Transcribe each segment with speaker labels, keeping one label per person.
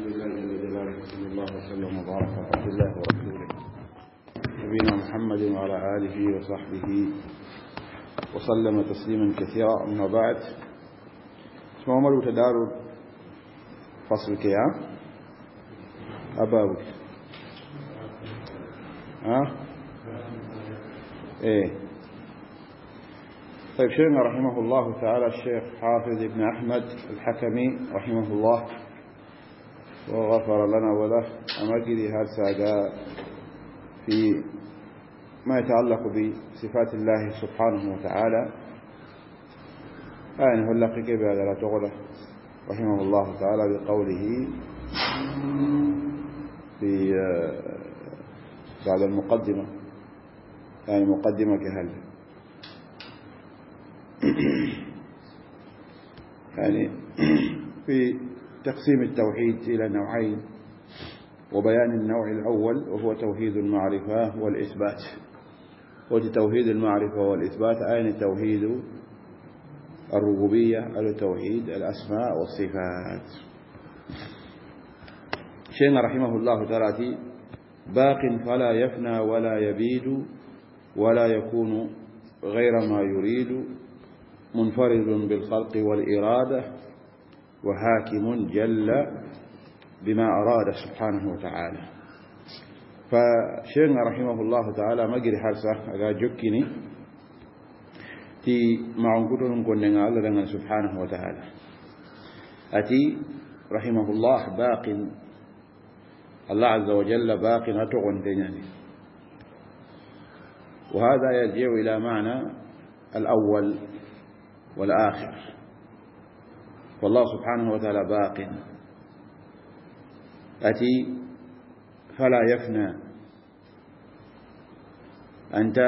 Speaker 1: الحمد لله جل جلاله صلى الله وسلم وبارك على عبد الله ورسوله نبينا محمد وعلى آله وصحبه وسلم تسليما كثيرا أما بعد اسمه عمر تدار فصل كيا أبابك ها ايه طيب شيخنا رحمه الله تعالى الشيخ حافظ ابن أحمد الحكمي رحمه الله وغفر لنا وله أمجد هرساقا في ما يتعلق بصفات الله سبحانه وتعالى آنه اللقي كيف هذا لا تغله رحمه الله تعالى بقوله في آه، بعد المقدمة يعني مقدمة كهل يعني في تقسيم التوحيد إلى نوعين وبيان النوع الأول وهو توحيد المعرفة والإثبات وتوحيد المعرفة والإثبات أين توحيد الربوبية على توحيد الأسماء والصفات شيخنا رحمه الله تعالى باق فلا يفنى ولا يبيد ولا يكون غير ما يريد منفرد بالخلق والإرادة وحاكم جل بما أراد سبحانه وتعالى فشيخنا رحمه الله تعالى ما قري حالسا أقا جكني تي معون كتن كنا الله سبحانه وتعالى أتي رحمه الله باق الله عز وجل باق أتغن ديناني وهذا يرجع إلى معنى الأول والآخر والله سبحانه وتعالى باق أتي فلا يفنى أنت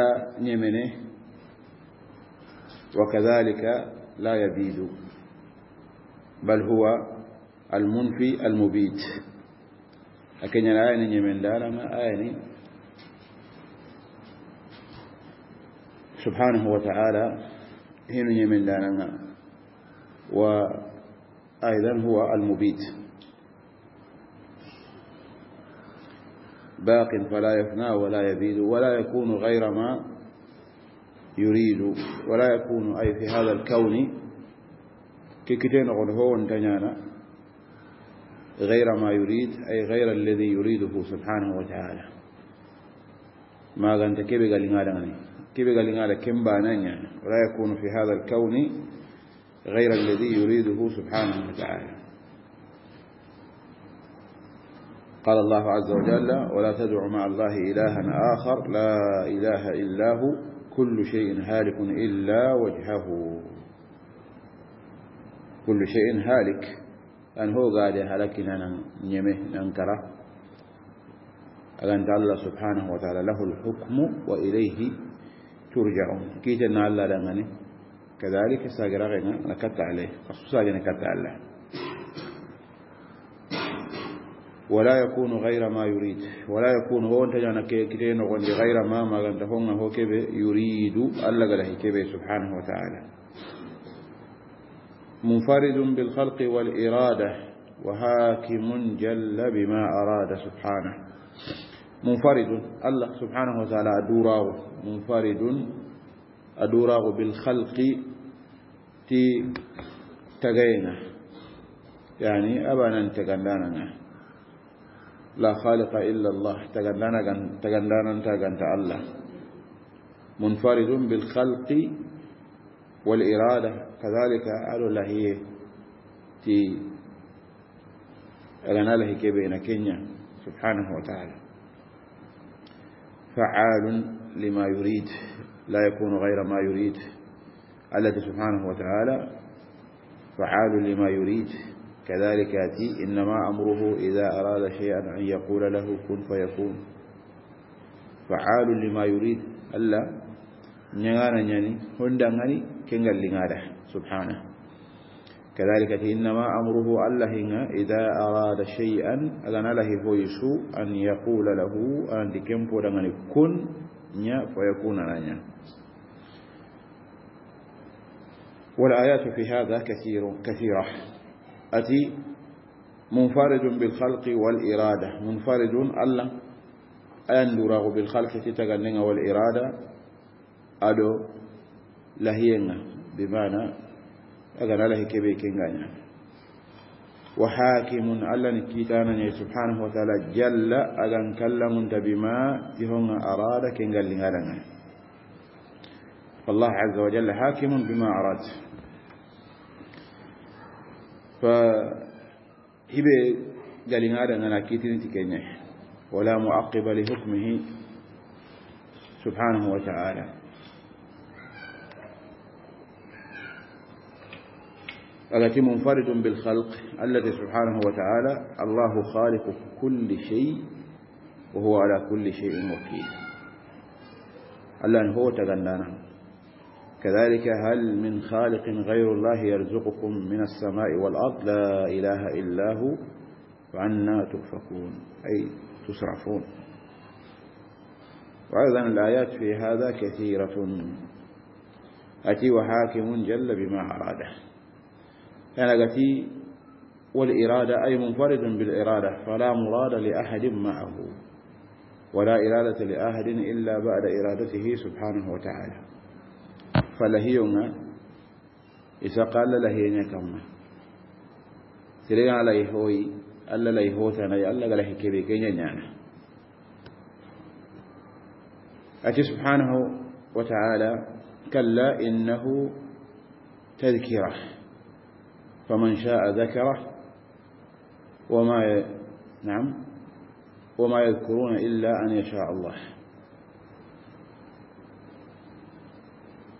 Speaker 1: نمنه وكذلك لا يبيد بل هو المنفي المبيت أكن الآية يعني نمن لا ما آية سبحانه وتعالى هنا نمن لا و أيضا هو المبيت باق فلا يفنى ولا يبيد ولا يكون غير ما يريد ولا يكون أي في هذا الكون ككتين غنهون تنانا غير ما يريد أي غير الذي يريده سبحانه وتعالى ما أنت كيف قال لنا كيف قال لنا كم بانانيا ولا يكون في هذا الكون غير الذي يريده سبحانه وتعالى قال الله عز وجل ولا تدع مع الله إلها آخر لا إله إلا هو كل شيء هالك إلا وجهه كل شيء هالك أن هو قال هلكنا نيمه ننكره أن الله سبحانه وتعالى له الحكم وإليه ترجعون كيف أن الله لمنه كذلك ساقراغينا نكت عليه خصوصا نكت يعني عليه ولا يكون غير ما يريد ولا يكون هو انت جانا كيكتين وغند غير ما ما غند هو كبه يريد الله قاله كبه سبحانه وتعالى منفرد بالخلق والإرادة وهاكم جل بما أراد سبحانه منفرد الله سبحانه وتعالى أدوراه منفرد أدوراه بالخلق تي تغينا يعني أبانا تغندانا لا خالق إلا الله تغندانا تغندانا تغندانا الله منفرد بالخلق والإرادة كذلك قالوا له هي تي أغنى له كبين كينيا سبحانه وتعالى فعال لما يريد لا يكون غير ما يريد الذي سبحانه وتعالى فعال لما يريد كذلك يأتي إنما أمره إذا أراد شيئا أن يقول له كن فيكون فعال لما يريد ألا نغانا يعني هندا نغاني كنغل لنغادا سبحانه كذلك إنما أمره الله إذا أراد شيئا أغنى له فويسو أن يقول له أن تكمبو لنغاني كن فيكون لنغاني والآيات في هذا كثير كثيرة أتي منفرد بالخلق والإرادة منفرد ألا أندره بالخلق تتغنن والإرادة أدو لهينا بمعنى أغنى له كبيكين وحاكم ألا نكيتانا سبحانه وتعالى جل أغن كلم بما تهون أراد كنغل فالله عز وجل حاكم بما أراد فهبه قال هذا أنا كيتين تكينيح ولا معقب لحكمه سبحانه وتعالى التي منفرد بالخلق الذي سبحانه وتعالى الله خالق كل شيء وهو على كل شيء وكيل الله هو تغنانا كذلك هل من خالق غير الله يرزقكم من السماء والأرض لا إله إلا هو فعنا تؤفكون أي تصرفون وأيضا الآيات في هذا كثيرة أتي وحاكم جل بما أراده يعني أتي والإرادة أي منفرد بالإرادة فلا مراد لأحد معه ولا إرادة لأحد إلا بعد إرادته سبحانه وتعالى فلهيونا إذا قال لهينا كما سيري على هوي الله لا هو ثنا يا الله عليه كبير كنيا يعني؟ نانا أتي سبحانه وتعالى كلا إنه تذكرة فمن شاء ذكره وما ي... نعم وما يذكرون إلا أن يشاء الله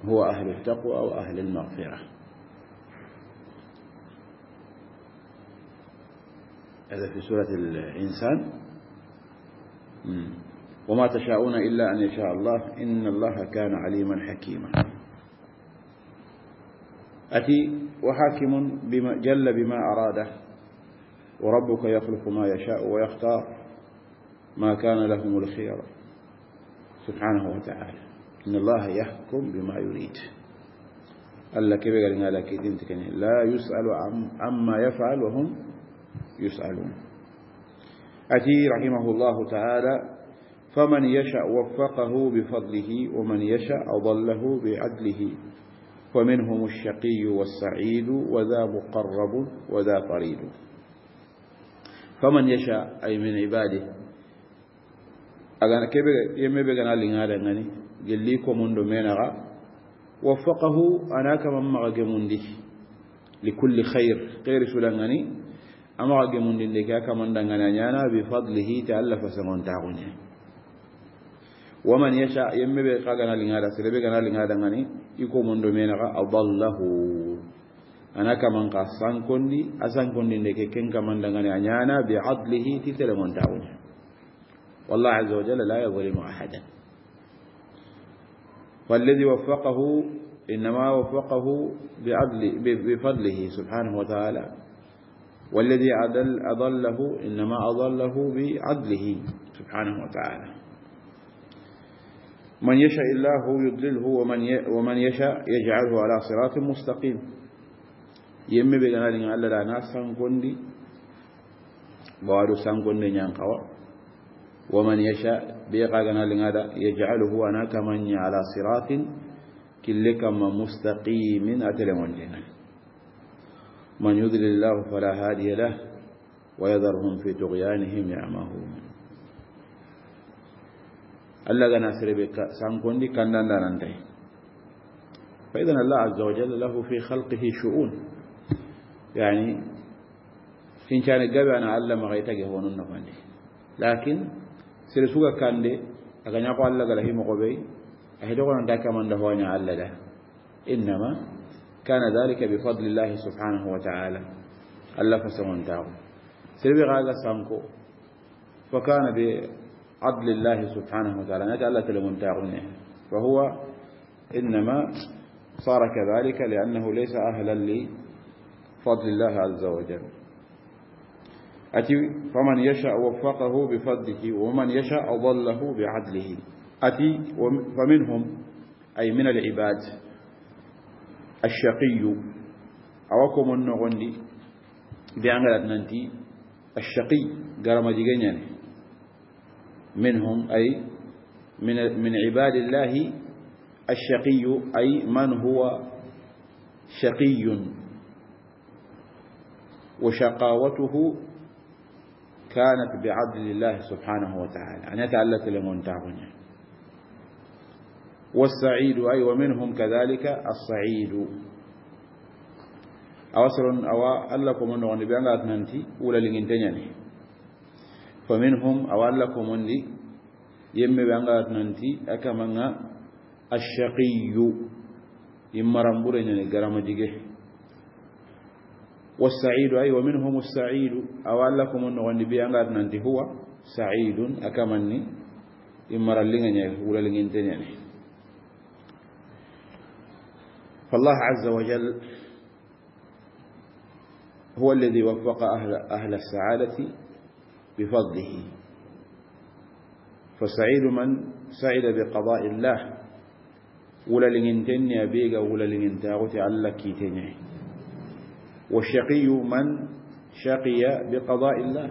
Speaker 1: هو أهل التقوى وأهل المغفرة هذا في سورة الإنسان وما تشاءون إلا أن يشاء الله إن الله كان عليما حكيما أتي وحاكم بما جل بما أراده وربك يخلق ما يشاء ويختار ما كان لهم الخير سبحانه وتعالى إن الله يحكم بما يريد الله كيف قال لا يسأل عم عما يفعل وهم يسألون أتي رحمه الله تعالى فمن يشاء وفقه بفضله ومن يشاء أضله بعدله ومنهم الشقي والسعيد وذا مقرب وذا قريب فمن يشاء أي من عباده أغانا كيف يمي بغانا لنهار أغاني جليك ومن دمينها وفقه أنا كمن مغجمون دي لكل خير خير سلنغني أما غجمون لك لكا كمن دنغنانيانا بفضله تألف سمون تاغني ومن يشاء يمي بيقا غنا لنغادا سلبي غنا لنغادا غني يكو من دمينها أضله أنا كمن قصان كوني أسان كوني لكي كن كمن دنغنانيانا بعضله تسلمون تاغني والله عز وجل لا يظلم أحداً فالذي وفقه إنما وفقه بعدل بفضله سبحانه وتعالى والذي أضل أضله إنما أضله بعدله سبحانه وتعالى من يشاء الله يضلله ومن ومن يشاء يجعله على صراط مستقيم يمي بغنا دين الله لا ناس سانغوندي بوادو سانغوندي نيانكوا ومن يشاء بيقاغنا لنادا يجعله أنا كمن على صراط كلك مستقيم أتلمون جنة من يذل الله فلا هادي له ويذرهم في طغيانهم يعمهون الله غنا سربك كان كاندان ننتهي فإذا الله عز وجل له في خلقه شؤون يعني إن كان قبل أنا علم غيتك هو لكن sere suga kande aga ñako allah gala himoxo ɓey a heɗoxonanta kamanda howaña allah da innama kana dalika bifadlillahi subhanahu wa taala allah fasagontaxo sere ɓe xaaga sanko fa kana be adlillahi subhanahu wa taala nati allah telemontaxune fa huwa innama صار كذلك لأنه ليس أهلا لفضل الله عز وجل أتي فمن يشاء وفقه بفضله ومن يشاء أضله بعدله أتي فمنهم أي من العباد الشقي أوكم النغندي بأنغلت ننتي الشقي قرم جيجنين منهم أي من, من عباد الله الشقي أي من هو شقي وشقاوته كانت بعدل الله سبحانه وتعالى أن يتعلت لمن تعبني والسعيد أي ومنهم كذلك الصعيد أوصل أو ألكم من غني بأن أتمنتي ولا لجنتني فمنهم أو ألكم من دي يم بأن أتمنتي أكمنا الشقي يمرم برنا الجرام ديجه والسعيد أي ومنهم السعيد أو لكم النغن بيانغار ننتي هو سعيد أكمني إما لغن ولا لغن فالله عز وجل هو الذي وفق أهل, أهل السعادة بفضله فسعيد من سعد بقضاء الله ولا لغن تنيا ولا لغن تاغوتي على كيتنيه والشقي من شقي بقضاء الله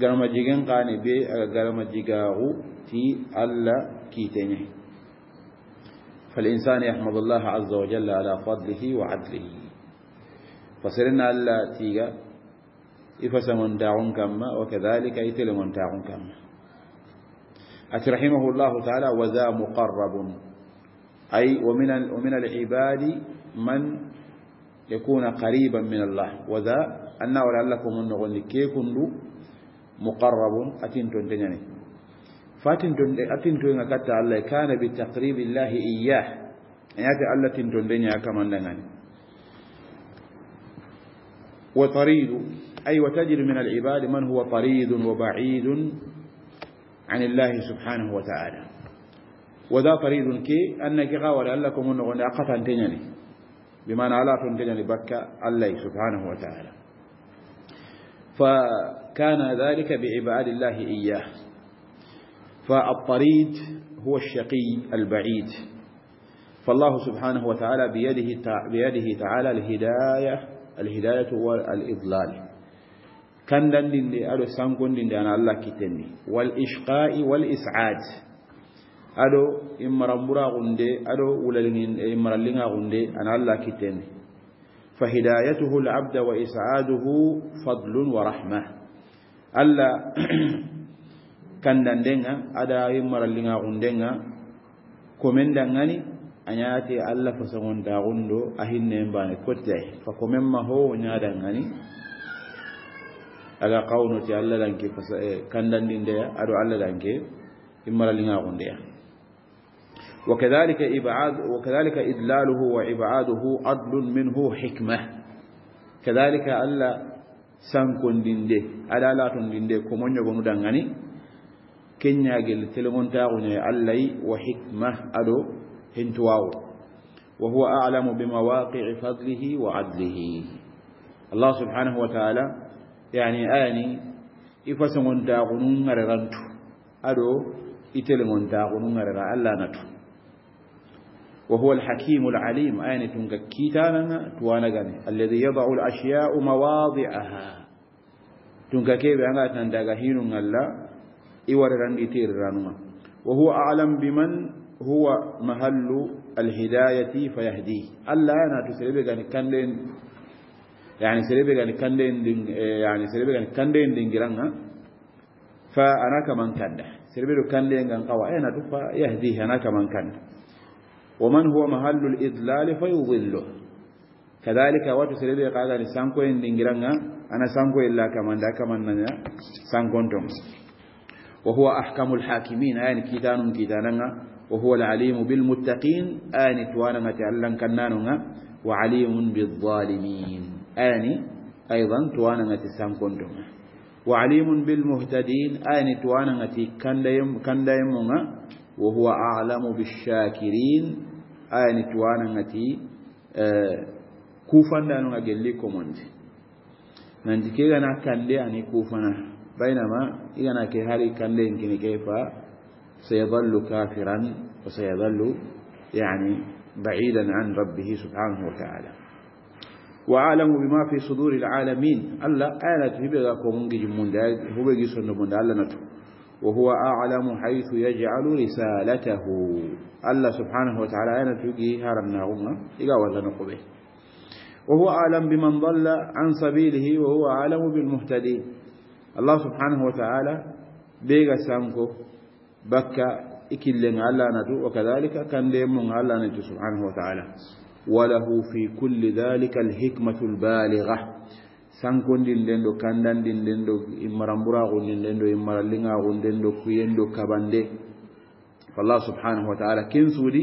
Speaker 1: قرم جيغن قاني بي قرم جيغاغو تي ألا كيتني فالإنسان يحمد الله عز وجل على فضله وعدله فسرنا ألا تيغا من داعون كما وكذلك من داعون كما أترحمه الله تعالى وذا مقرب أي ومن ومن العباد من يكون قريبا من الله وذا أن غني كي كندو مقرب أتنتن تنيني فأتنتن أتنتن كتا الله كان بتقريب الله إياه يعني الله تنتن تنيني كما نغني وطريد أي وتجد من العباد من هو طريد وبعيد عن الله سبحانه وتعالى وذا طريد كي أنك غاور أن غني أقفا تنيني بمعنى على تنتجن بكة الله سبحانه وتعالى فكان ذلك بعباد الله إياه فالطريد هو الشقي البعيد فالله سبحانه وتعالى بيده بيده تعالى الهداية الهداية والإضلال كان لندن أدو سانكون لندن الله كتني والإشقاء والإسعاد ado imaramburaxunde ado wulalimaralliŋaxunde eh, ana alla kittendi fa hidayatuhu labda wa isaaduhu fadlun wa rahma alla kandandenŋa ada imaralliŋaxundenŋa komendanŋani añaate alla fasaŋondaxun do a hinnenbane kotte ay fa komen ma ho ñadanŋani aga xawnoti alla lanke eh, kandandindeya ado alla lanke imaralliŋaxundeya وكذلك إبعاد وكذلك إدلاله وإبعاده عدل منه حكمة كذلك ألا سانكون ديندي ألا لا تنديندي كمون يغنو دانغاني كن يغل تلمون تاغني ألاي وحكمة ألو هنتواو وهو أعلم بمواقع فضله وعدله الله سبحانه وتعالى يعني آني إفاسمون تاغنون مرغانتو ألو إتلمون تاغنون مرغان ألا نتو وهو الحكيم العليم آية تنككيتانا توانغاني الذي يضع الأشياء مواضعها تنككي بأنها تندغهين الله إورران إتيرانما وهو أعلم بمن هو محل الهداية فيهديه ألا أنا كان لين يعني كان لين يعني كان لين دينغرانا فأنا كمان كنده كان لين قوا أنا تفا يهديه أنا كمان كان ومن هو محل الإضلال فيضله كذلك واتو سلبي قاعدة لسانكو إن دنجرانا أنا سانكو إلا كمان دا كمان نيا سانكونتم وهو أحكم الحاكمين آن كيتان كيدانا وهو العليم بالمتقين آن توانا تعلن كنانا وعليم بالظالمين آن أيضا توانا تسانكو انتم وعليم بالمهتدين آن توانا كندايم كندايم وهو أعلم بالشاكرين ayani tuwana ngati kufanda no agelli komonde nanti ke gana kande ani kufana bainama igana ke hari kande ngini kefa sayadallu kafiran wa sayadallu yani بعيدا عن ربه سبحانه وتعالى واعلم بما في صدور العالمين الله انا تبي لكم من جمون هو بيجي سنه من الله نتو وهو أعلم حيث يجعل رسالته الله سبحانه وتعالى أنا تجي هرنا غمنا إقاوة نقبه وهو أعلم بمن ضل عن سبيله وهو أعلم بالمهتدين الله سبحانه وتعالى بيغا سانكو بكا إكلن على نتو وكذلك كان ديمون على نتو سبحانه وتعالى وله في كل ذلك الحكمة البالغة sankondinɗen ɗo kandandinɗen ɗo immaramburagundinɗen ɗo immarallingagundin ɗo kuyen ɗo kabande fallah subhanahu wa taala ken suuɗi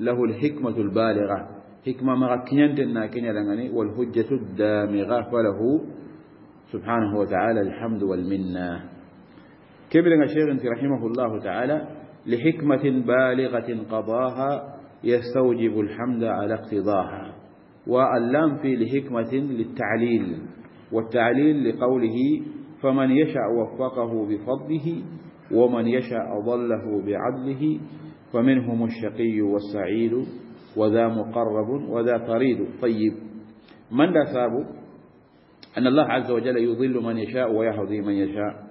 Speaker 1: lahu lhikmatu lbaliga hikma maga kiñanten na keñaɗangani walhujjatu damiga falahu subhanahu wa taala alhamdu walminna كبرنا شيخ رحمه الله تعالى لحكمة بالغة قضاها يستوجب الحمد على اقتضاها واللام في لحكمة للتعليل والتعليل لقوله فمن يشاء وفقه بفضله ومن يشاء ضله بعدله فمنهم الشقي والسعيد وذا مقرب وذا فريد طيب من لا ثاب أن الله عز وجل يضل من يشاء ويهدي من يشاء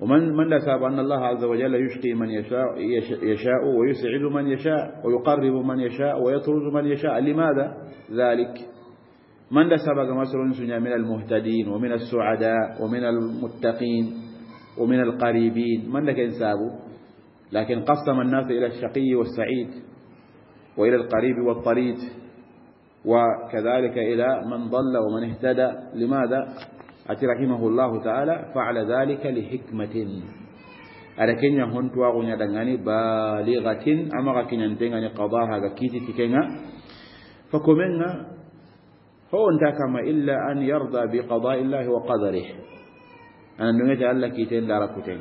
Speaker 1: ومن من لا ثاب أن الله عز وجل يشقي من يشاء, يشاء ويسعد من يشاء ويقرب من يشاء ويطرد من يشاء لماذا ذلك من دا سبق مصر من المهتدين ومن السعداء ومن المتقين ومن القريبين من دا كان لكن قسم الناس إلى الشقي والسعيد وإلى القريب والطريد وكذلك إلى من ضل ومن اهتدى لماذا أتي رحمه الله تعالى فعل ذلك لحكمة أركن يهون تواغن يدنغاني بالغة أما غكين ينتغني قضاها غكيتي تكينا فكمنا هو انت كما إلا أن يرضى بقضاء الله وقدره أن نميت ألا كيتين داركتين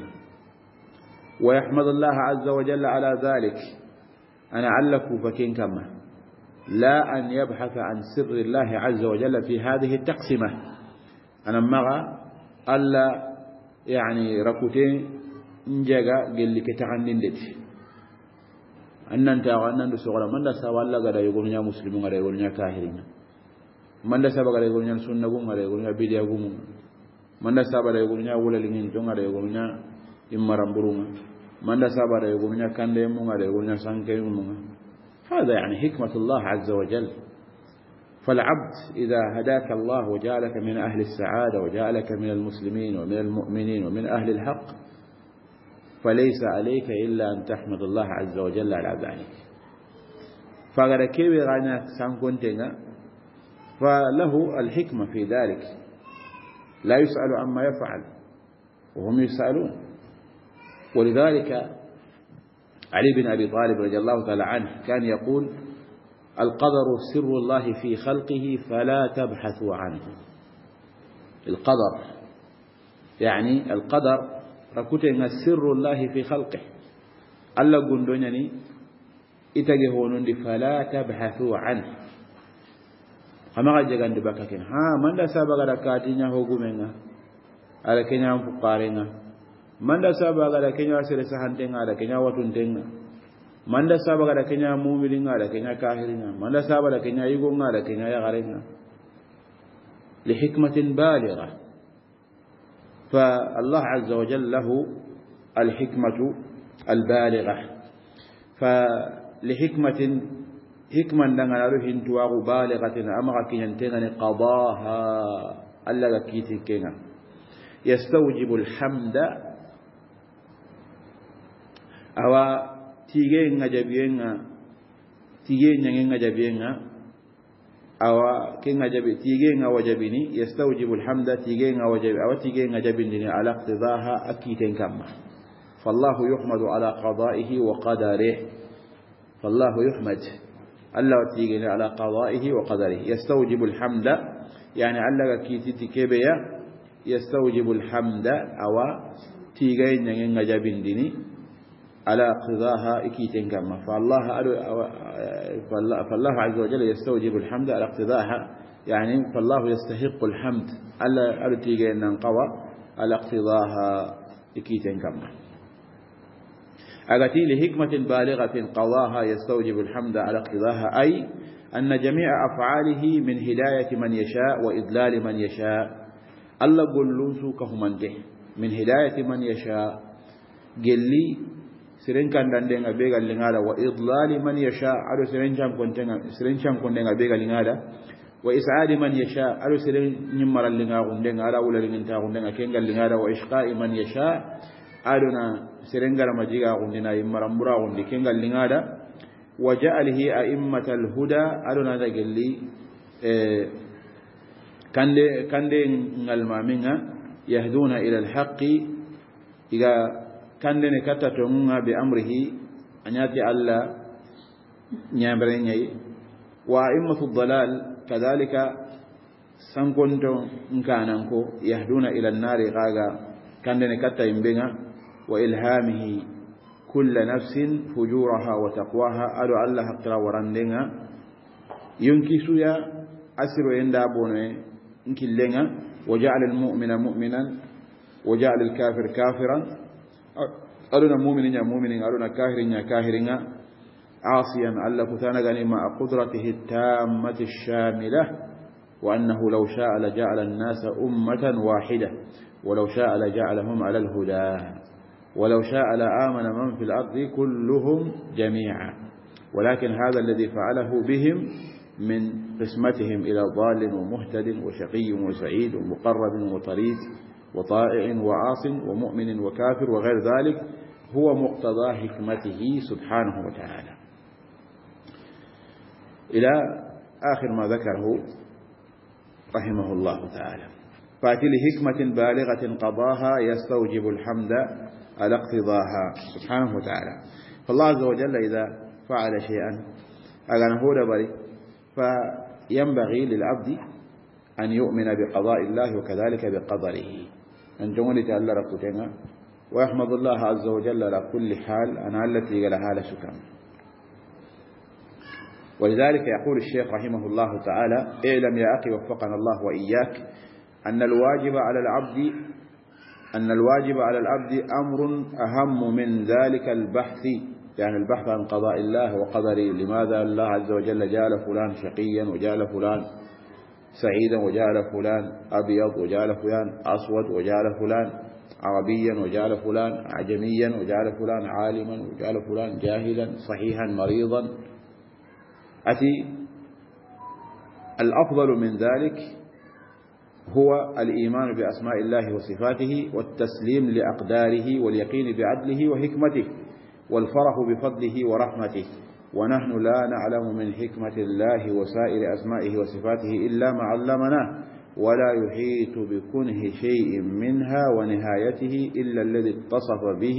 Speaker 1: ويحمد الله عز وجل على ذلك أنا علك فكين كما لا أن يبحث عن سر الله عز وجل في هذه التقسمة أنا مغا ألا يعني ركوتين نجاقا قل لك تغنين لتي أن أنت وان أنت سغلا من لا سوى الله قد يقول يا مسلمون قد يقول يا كاهرين manda saba gare gonya sunna gun gare gonya bidiya gun manda saba gare gonya wala lingin ton gare gonya immaram burunga manda saba gare gonya kande mun gare gonya sanke mun هذا يعني حكمة الله عز وجل فالعبد إذا هداك الله وجعلك من أهل السعادة وجعلك من المسلمين ومن المؤمنين ومن أهل الحق فليس عليك إلا أن تحمد الله عز وجل على ذلك فقال كيف غانا سانكونتنا فله الحكمة في ذلك لا يسأل عما يفعل وهم يسألون ولذلك علي بن أبي طالب رضي الله تعالى عنه كان يقول القدر سر الله في خلقه فلا تبحثوا عنه القدر يعني القدر إن سر الله في خلقه ألا قندونني إتجهون فلا تبحثوا عنه amaga jegandi bakka ken ha manda sabagara katiña hogumenga ala keñan fukarenga manda sabagara keña sere sahantenga ala keña watuntenga manda sabagara keña mumiringa ala keña kahiringa manda sabara keña yigonga ala keña yagarenga لحكمة بالغة فالله عز وجل له الحكمة البالغة فلحكمة حكمة لنا رهن تواه بالغة أمر كينتين قضاها ألا كيت كنا يستوجب الحمد أو تيجين جبين تيجين جبين أو كين عجب تيجين أو عجبني يستوجب الحمد تيجين أو عجب أو تيجين عجبني على اقتضاها أكيد كما فالله يحمد على قضائه وقدره فالله يحمد الله تيجي على قضائه وقدره يستوجب الحمد يعني علق كيتي كبيا يستوجب الحمد أو تيجي نعين جابين ديني على قضاها إكيتين كما فالله فالله عز وجل يستوجب الحمد على اقتضاها يعني فالله يستحق الحمد على أرتيجي قوى على اقتضاها إكيتين كما أغتي لحكمة بالغة قضاها يستوجب الحمد على اقتضاها أي أن جميع أفعاله من هداية من يشاء وإدلال من يشاء الله قلون سوكهما من هداية من يشاء قل لي سرين كان دندن بيغا لنغالا وإضلال من يشاء ألو سرين كان كنتن سرين بيغا لنغالا وإسعاد من يشاء ألو سرين نمر لنغا غندن ألا ولا لنغا غندن وإشقاء من يشاء aduna serengara majiga gundina imara mbura gundi kenga lingada waja'alihi a'immatal huda aduna da kande kande kande maminga yahduna ila alhaqi iga kande ne katta nga bi amrihi anyati alla nyambere nyai wa a'immatu dhalal kadhalika sankonto nkananko yahduna ila an-nari gaga kande ne katta imbenga وإلهامه كل نفس فجورها وتقواها ألو الله قرا ورندنا يا أسر يندابون نكلنا وجعل المؤمن مؤمنا وجعل الكافر كافرا ألونا مؤمن يا مؤمن ألونا كاهر يا كاهر عاصيا ألا كثانا مع قدرته التامة الشاملة وأنه لو شاء لجعل الناس أمة واحدة ولو شاء لجعلهم على الهدى ولو شاء لآمن من في الأرض كلهم جميعا ولكن هذا الذي فعله بهم من قسمتهم إلى ضال ومهتد وشقي وسعيد ومقرب وطريد وطائع وعاص ومؤمن وكافر وغير ذلك هو مقتضى حكمته سبحانه وتعالى إلى آخر ما ذكره رحمه الله تعالى فأتي لحكمة بالغة قضاها يستوجب الحمد على اقتضاها سبحانه وتعالى فالله عز وجل إذا فعل شيئا على نهور بري فينبغي للعبد أن يؤمن بقضاء الله وكذلك بقدره أن جملة ألا ركوتنا ويحمد الله عز وجل على كل حال أنا التي لها لسكام ولذلك يقول الشيخ رحمه الله تعالى اعلم يا أخي وفقنا الله وإياك أن الواجب على العبد أن الواجب على العبد أمر أهم من ذلك البحث يعني البحث عن قضاء الله وقدره لماذا الله عز وجل جعل فلان شقيا وجعل فلان سعيدا وجعل فلان أبيض وجعل فلان أسود وجعل فلان عربيا وجعل فلان عجميا وجعل فلان عالما وجعل فلان جاهلا صحيحا مريضا أتي الأفضل من ذلك هو الإيمان بأسماء الله وصفاته والتسليم لأقداره واليقين بعدله وحكمته والفرح بفضله ورحمته ونحن لا نعلم من حكمة الله وسائر أسمائه وصفاته إلا ما علمنا ولا يحيط بكنه شيء منها ونهايته إلا الذي اتصف به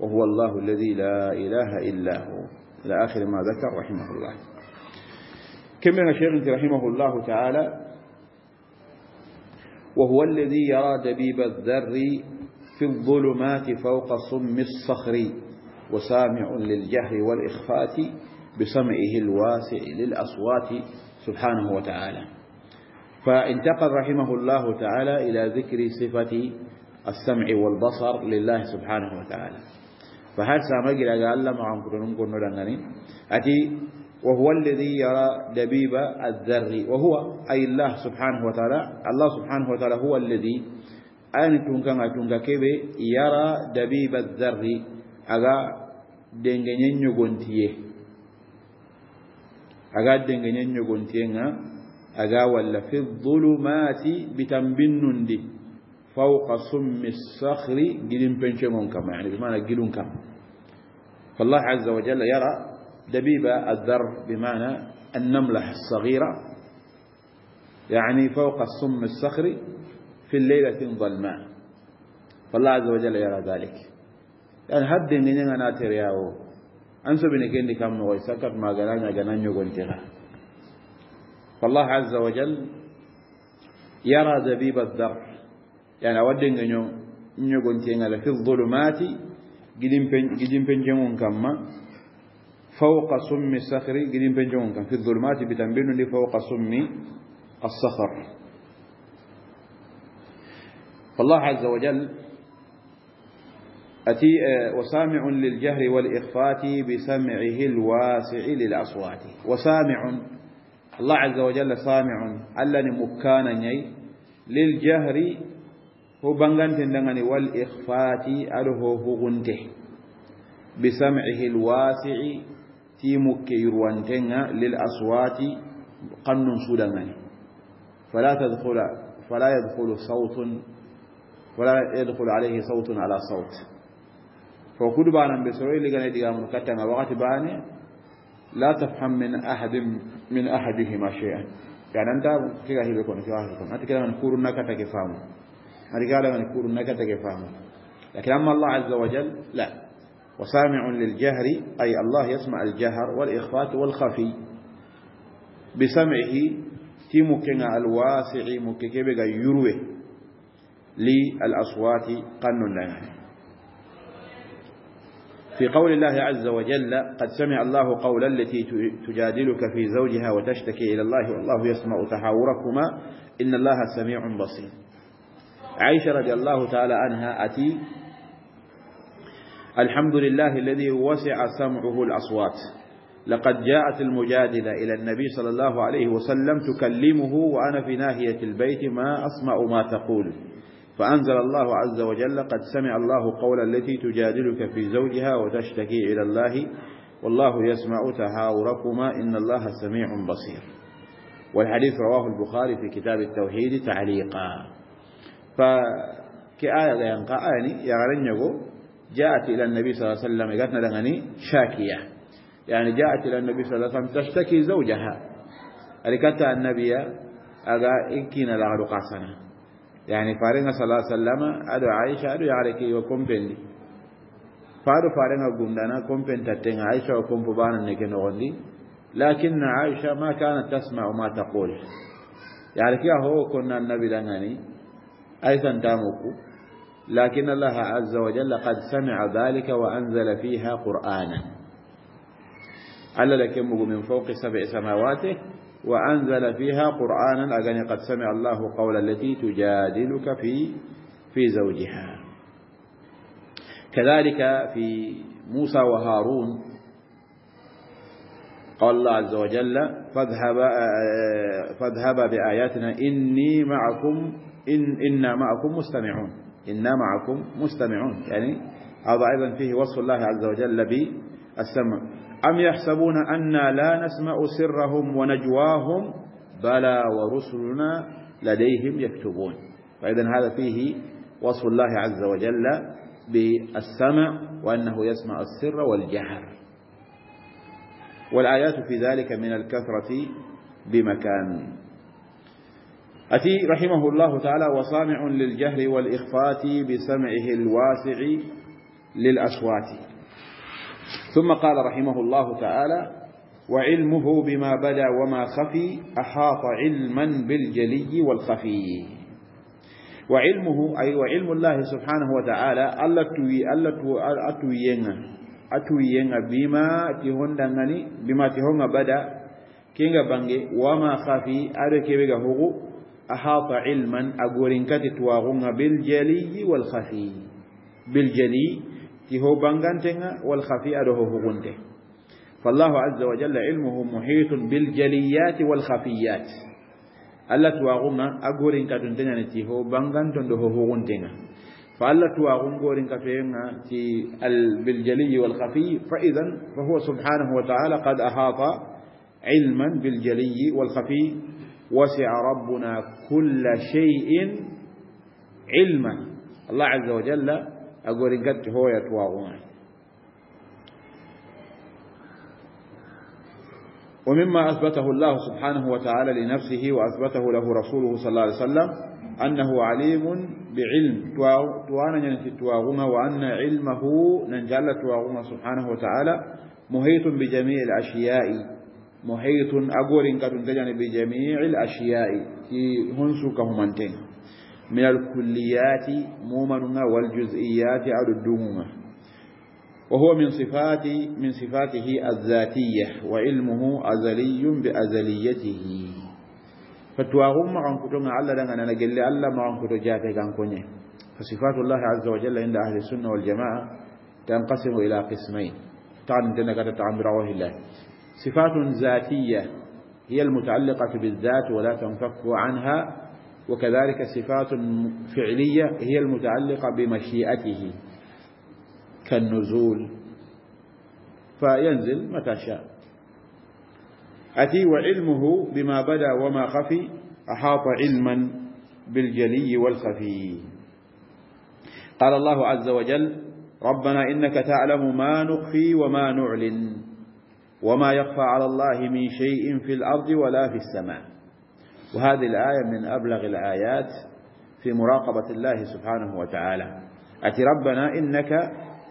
Speaker 1: وهو الله الذي لا إله إلا هو إلى آخر ما ذكر رحمه الله كما شيخ رحمه الله تعالى وهو الذي يرى دبيب الذر في الظلمات فوق صم الصخر وسامع للجهر والإخفات بسمعه الواسع للأصوات سبحانه وتعالى فانتقل رحمه الله تعالى إلى ذكر صفة السمع والبصر لله سبحانه وتعالى فهل سامع قال لما عم كنون كنون أتي وهو الذي يرى دبيب الذر وهو أي الله سبحانه وتعالى الله سبحانه وتعالى هو الذي أن تنكا تنكا كبه يرى دبيب الذر أغا دنجنين يغنتيه أغا دنجنين يغنتيه أغا ولا في الظلمات بتنبنن دي فوق سم الصخر جلن بنشمون كما يعني بمعنى جلن كما فالله عز وجل يرى دبيبة الذر بمعنى النملة الصغيرة يعني فوق الصم الصخري في الليلة ظلماء فالله عز وجل يرى ذلك يعني هد من أنا ترياو أنسو إني كم نغوي سكت ما قلان يقنان يقنتها فالله عز وجل يرى دبيب الذر يعني أود أن يقنتين في الظلمات قدم بنجمون كما فوق سم الصخر قديم بنجون كان في الظلمات بتنبين فوق سم الصخر فالله عز وجل أتي آه، وسامع للجهر والإخفات بسمعه الواسع للأصوات وسامع الله عز وجل سامع ألني مكانا للجهر هو بنغنتن دغني والإخفات أله هو غنته بسمعه الواسع تيمو كيروان تينا للأصوات قن سودان فلا تدخل فلا يدخل صوت فلا يدخل عليه صوت على صوت فقد بانا بسوي اللي قال ديام كتنا وقت باني لا تفهم من احد من احدهما شيئا يعني انت كي راهي بكون في واحد يكون انت كده من كور نكا تكفهم هذه قال من كور نكا تكفهم لكن اما الله عز وجل لا وسامع للجهر أي الله يسمع الجهر والإخفاء والخفي بسمعه تيمكنا الواسع مككبغا يروي للأصوات قنن في قول الله عز وجل قد سمع الله قولا التي تجادلك في زوجها وتشتكي إلى الله والله يسمع تحاوركما إن الله سميع بصير عائشة رضي الله تعالى عنها أتي الحمد لله الذي وسع سمعه الأصوات لقد جاءت المجادلة إلى النبي صلى الله عليه وسلم تكلمه وأنا في ناهية البيت ما أسمع ما تقول فأنزل الله عز وجل قد سمع الله قول التي تجادلك في زوجها وتشتكي إلى الله والله يسمع تهاوركما إن الله سميع بصير والحديث رواه البخاري في كتاب التوحيد تعليقا فكآية يعني يقول جاءت إلى النبي صلى الله عليه وسلم قالت لغني شاكية يعني جاءت إلى النبي صلى الله عليه وسلم تشتكي زوجها قالت النبي أغا إنكينا لغرو قاسنا يعني فارنا صلى الله عليه وسلم أدو عائشة أدو يعركي وكم بلي فارو فارنا قمدنا كم بنتتين عائشة وكم ببانا نكين غندي لكن عائشة ما كانت تسمع ما تقول يعني كي هو كنا النبي لغني أيضا داموكو لكن الله عز وجل قد سمع ذلك وأنزل فيها قرآنا ألا لكن من فوق سبع سماواته وأنزل فيها قرآنا أغني قد سمع الله قول التي تجادلك في في زوجها كذلك في موسى وهارون قال الله عز وجل فاذهب فاذهب بآياتنا إني معكم إن إنا معكم مستمعون إنا معكم مستمعون يعني هذا أيضا فيه وصف الله عز وجل بالسمع أم يحسبون أنا لا نسمع سرهم ونجواهم بلى ورسلنا لديهم يكتبون فإذا هذا فيه وصف الله عز وجل بالسمع وأنه يسمع السر والجهر والآيات في ذلك من الكثرة بمكان أتي رحمه الله تعالى وصانع للجهر والإخفات بسمعه الواسع للأصوات ثم قال رحمه الله تعالى وعلمه بما بدا وما خفي أحاط علما بالجلي والخفي وعلمه أي وعلم الله سبحانه وتعالى ألتوي ألتو أتوينا أتوينا بما تهون بما تهون بدا كينغا بانغي وما خفي أركبه هو أحاط علما أقول كتت واغنى بالجلي والخفي بالجلي تهو بانغانتنا والخفي أدوه هغنته فالله عز وجل علمه محيط بالجليات والخفيات الله تواغنى أقول كتنتنا تهو بانغانتن دهو هغنتنا فألا تواغنى أقول كتن بالجلي والخفي فإذا فهو سبحانه وتعالى قد أحاط علما بالجلي والخفي وسع ربنا كل شيء علما الله عز وجل أقول قد هو يتواغون ومما أثبته الله سبحانه وتعالى لنفسه وأثبته له رسوله صلى الله عليه وسلم أنه عليم بعلم توانا ينتي تواغون وأن علمه ننجل تواغون سبحانه وتعالى محيط بجميع الأشياء محيط أقول كتن كجانب بجميع الأشياء كي هنسو كهمانتين من الكليات مومن والجزئيات على الدمومة وهو من صفات من صفاته الذاتية وعلمه أزلي بأزليته فتواهم عن كتن على لنا نقل ألا ما عن كتن جاتك عن كنيه فصفات الله عز وجل عند أهل السنة والجماعة تنقسم إلى قسمين تعلم انتنا قد تعمر الله صفات ذاتية هي المتعلقة بالذات ولا تنفك عنها وكذلك صفات فعلية هي المتعلقة بمشيئته كالنزول فينزل متى شاء أتي وعلمه بما بدا وما خفي أحاط علما بالجلي والخفي قال الله عز وجل ربنا إنك تعلم ما نخفي وما نعلن وما يخفى على الله من شيء في الأرض ولا في السماء وهذه الآية من أبلغ الآيات في مراقبة الله سبحانه وتعالى أتي ربنا إنك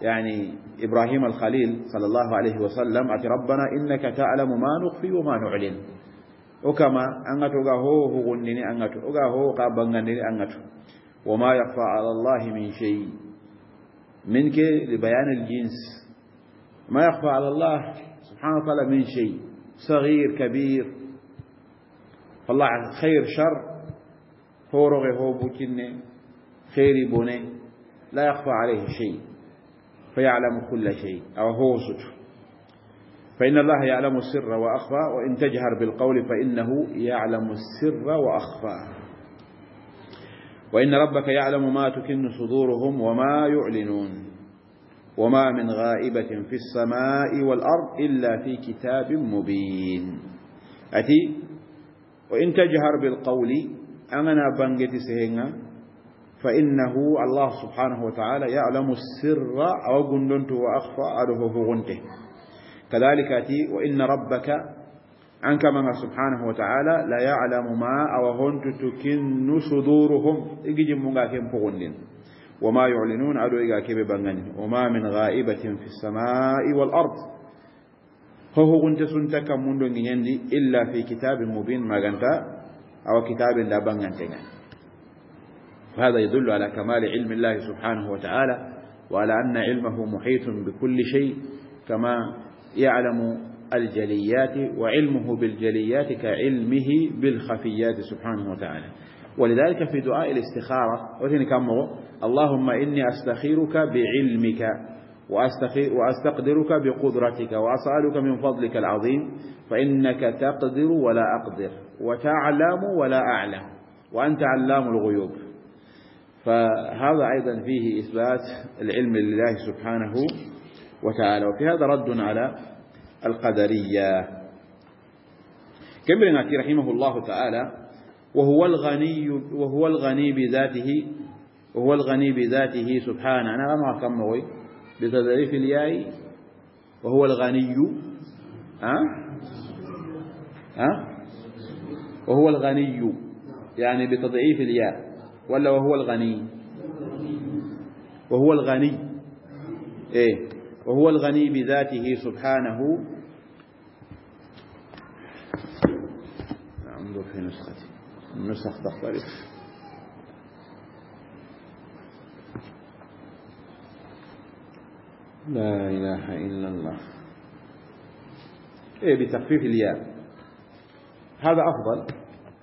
Speaker 1: يعني إبراهيم الخليل صلى الله عليه وسلم أتي ربنا إنك تعلم ما نخفي وما نعلن وكما أنت هو غنني أنت هو قابنني أنت وما يخفى على الله من شيء منك لبيان الجنس ما يخفى على الله عاطل من شيء صغير كبير فالله خير شر هو رغي هو بوكين خير بني لا يخفى عليه شيء فيعلم كل شيء أو هو سجر فإن الله يعلم السر وأخفى وإن تجهر بالقول فإنه يعلم السر وأخفى وإن ربك يعلم ما تكن صدورهم وما يعلنون وما من غائبة في السماء والأرض إلا في كتاب مبين أتي وإن تجهر بالقول أمنا بانجتي سهنا فإنه الله سبحانه وتعالى يعلم السر أو قندنت وأخفى أره فغنته كذلك أتي وإن ربك عنك من سبحانه وتعالى لا يعلم ما أو هنت تكن صدورهم إجي مغاكم فغنين وما يعلنون على إيغا كيبي بانغانين وما من غائبة في السماء والأرض هو غنت سنتك مندو نيندي إلا في كتاب مبين ما غنتا أو كتاب لا بانغانتين فهذا يدل على كمال علم الله سبحانه وتعالى وعلى أن علمه محيط بكل شيء كما يعلم الجليات وعلمه بالجليات كعلمه بالخفيات سبحانه وتعالى ولذلك في دعاء الاستخارة وثني كمه اللهم إني أستخيرك بعلمك وأستقدرك بقدرتك وأسألك من فضلك العظيم فإنك تقدر ولا أقدر وتعلم ولا أعلم وأنت علام الغيوب فهذا أيضا فيه إثبات العلم لله سبحانه وتعالى وفي هذا رد على القدرية كبرنا رحمه الله تعالى وهو الغني وهو الغني بذاته وهو الغني بذاته سبحانه أنا ما كم وي بتذريف الياء وهو الغني ها ها وهو الغني يعني بتضعيف الياء ولا وهو الغني وهو الغني ايه وهو الغني بذاته سبحانه عنده في نسختي النسخ تختلف لا إله إلا الله إيه بتخفيف الياء هذا أفضل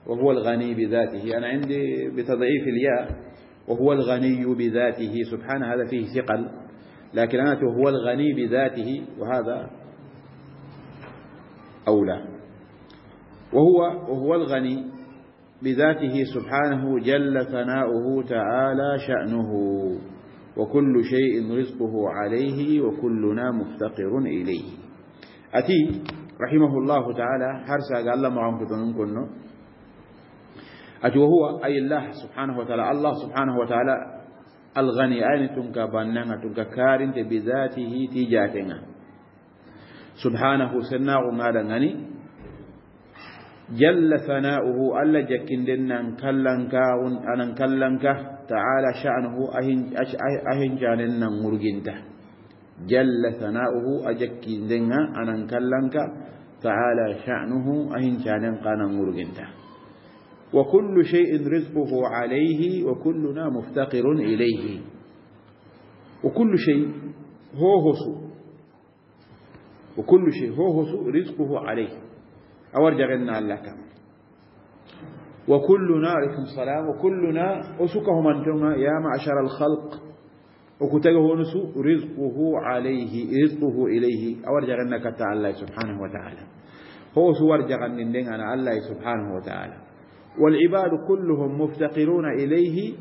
Speaker 1: وهو الغني بذاته أنا عندي بتضعيف الياء وهو الغني بذاته سبحانه هذا فيه ثقل لكن أنا هو الغني بذاته وهذا أولى وهو وهو الغني بذاته سبحانه جل ثناؤه تعالى شأنه وكل شيء رزقه عليه وكلنا مفتقر إليه أتي رحمه الله تعالى هرسا قال لما عمكتن كنو أتي وهو أي الله سبحانه وتعالى الله سبحانه وتعالى الغني أين تنك باننا تنك كارنت بذاته تجاتنا سبحانه سناغ مالا غني جل ثناؤه ألا جكندن أن كلنك أن كلنك تعالى شأنه أهن أه- أهن جانن مرجنته جل ثناؤه أجكندن أن كلنك تعالى شأنه أهن جانن قانا مرجنته وكل شيء رزقه عليه وكلنا مفتقر إليه وكل شيء هو هو وكل شيء هو هو رزقه عليه أورجع غنى لك وكلنا عليكم السلام وكلنا أسكهم أنتم يا معشر الخلق وكتجه نسو رزقه عليه رزقه إليه أورجع غنى كتا الله سبحانه وتعالى هو سورجع غنى أنا الله سبحانه وتعالى والعباد كلهم مفتقرون إليه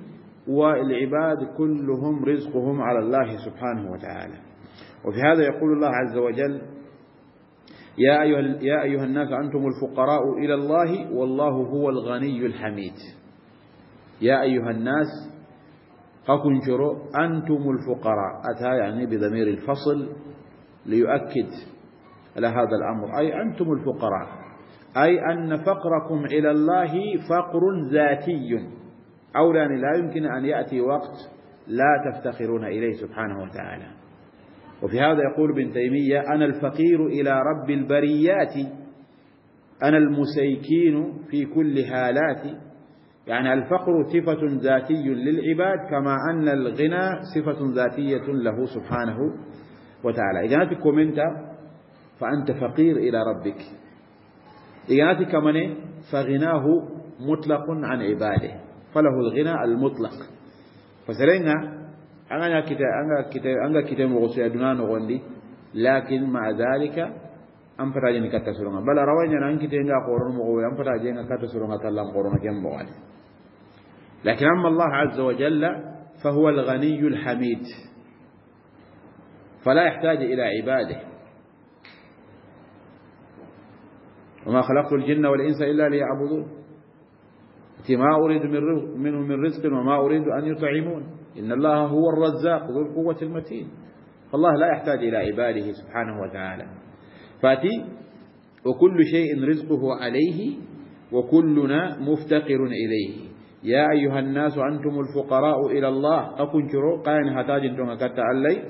Speaker 1: والعباد كلهم رزقهم على الله سبحانه وتعالى وفي هذا يقول الله عز وجل يا أيها, يا أيها الناس أنتم الفقراء إلى الله والله هو الغني الحميد يا أيها الناس فكنشروا أنتم الفقراء أتى يعني بضمير الفصل ليؤكد على هذا الأمر أي أنتم الفقراء أي أن فقركم إلى الله فقر ذاتي أولا لا يمكن أن يأتي وقت لا تفتخرون إليه سبحانه وتعالى وفي هذا يقول ابن تيمية أنا الفقير إلى رب البريات أنا المسيكين في كل هالات يعني الفقر صفة ذاتي للعباد كما أن الغنى صفة ذاتية له سبحانه وتعالى إذا أنت كومنت فأنت فقير إلى ربك إذا أنت كمان فغناه مطلق عن عباده فله الغنى المطلق فسلينا أنا كده أنا كده أنا كده مغسي أدنان نغندي لكن مع ذلك أم فتاجين كتا سرنا بل روينا أن كده إنجا قرون مغوي أم فتاجين كتا سرنا تلا قرون كم بغالي لكن أما الله عز وجل فهو الغني الحميد فلا يحتاج إلى عباده وما خلقت الجن والإنس إلا ليعبدون ما أريد منهم من رزق وما أريد أن يطعمون إن الله هو الرزاق ذو القوة المتين فالله لا يحتاج إلى عباده سبحانه وتعالى فاتي وكل شيء رزقه عليه وكلنا مفتقر إليه يا أيها الناس أنتم الفقراء إلى الله أكن شروع قائن هتاج انتم أكتا علي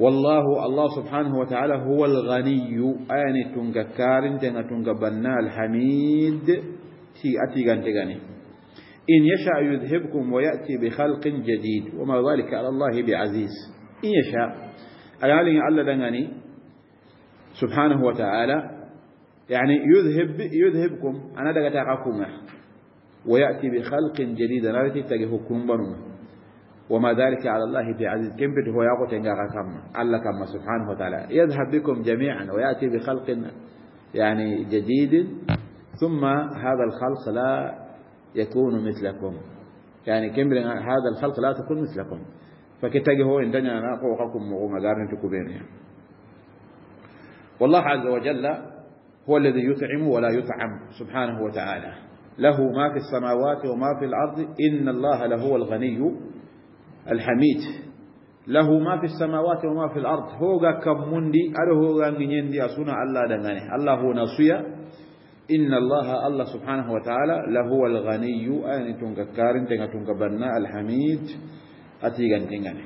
Speaker 1: والله الله سبحانه وتعالى هو الغني أين تنك كارن تنك تنك بنا الحميد تي أتي غنتغني إن يشاء يذهبكم ويأتي بخلق جديد وما ذلك على الله بعزيز إن يشاء العالم على دنغني سبحانه وتعالى يعني يذهب يذهبكم أنا دقتاقكم ويأتي بخلق جديد أنا تتجهكم بنوما وما ذلك على الله بعزيز كم بده هو يقول تنقاقكم الله كما سبحانه وتعالى يذهب بكم جميعا ويأتي بخلق يعني جديد ثم هذا الخلق لا يكون مثلكم يعني كمبر هذا الخلق لا تكون مثلكم فكتاجي هو إن دنيا أنا أقوقكم ومدارن تكوبين والله عز وجل هو الذي يطعم ولا يطعم سبحانه وتعالى له ما في السماوات وما في الأرض إن الله لهو الغني الحميد له ما في السماوات وما في الأرض هو كم مندي أله هو غنيندي أسونا الله دنانه الله هو نصيا إن الله الله سبحانه وتعالى لهو الغني أن تنك كارن تنك تنك بنا الحميد أتيغن تنغن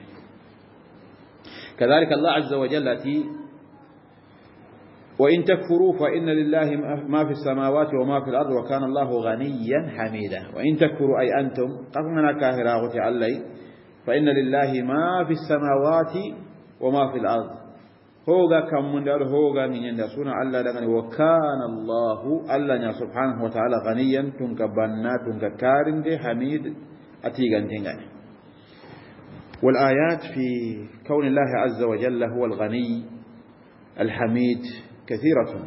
Speaker 1: كذلك الله عز وجل أتي وإن تكفروا فإن لله ما في السماوات وما في الأرض وكان الله غنيا حميدا وإن تكفروا أي أنتم قفنا كاهراغة علي فإن لله ما في السماوات وما في الأرض هوغا كم من دار هوغا a suna allah dagani وكان الله الله allah سبحانه وتعالى غنيا taala بنا tunka banna دي حميد hamid a والآيات في كون الله عز وجل هو الغني الحميد كثيرة